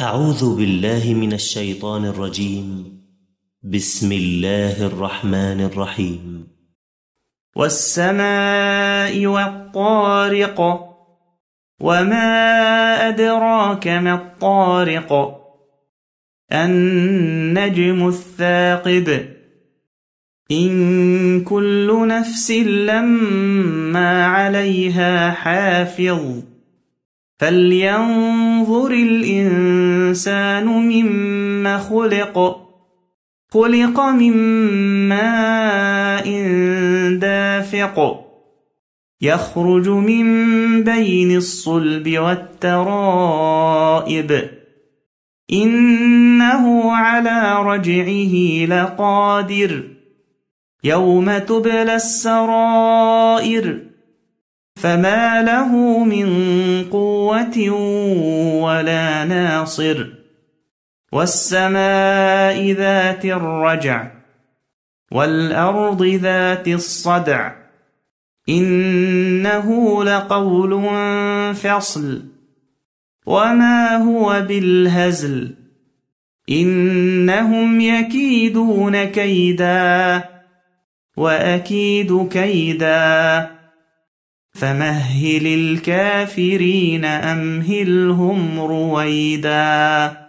أعوذ بالله من الشيطان الرجيم بسم الله الرحمن الرحيم والسماء والطارق وما أدراك ما الطارق النجم الثاقب إن كل نفس لما عليها حافظ فلينظر الإنسان الإنسان مما خلق خلق من ماء دافق يخرج من بين الصلب والترائب إنه على رجعه لقادر يوم تبلى السرائر فما له من قوة قوة ولا ناصر والسماء ذات الرجع والأرض ذات الصدع إنه لقول فصل وما هو بالهزل إنهم يكيدون كيدا وأكيد كيداً فمهل الكافرين أمهلهم رويداً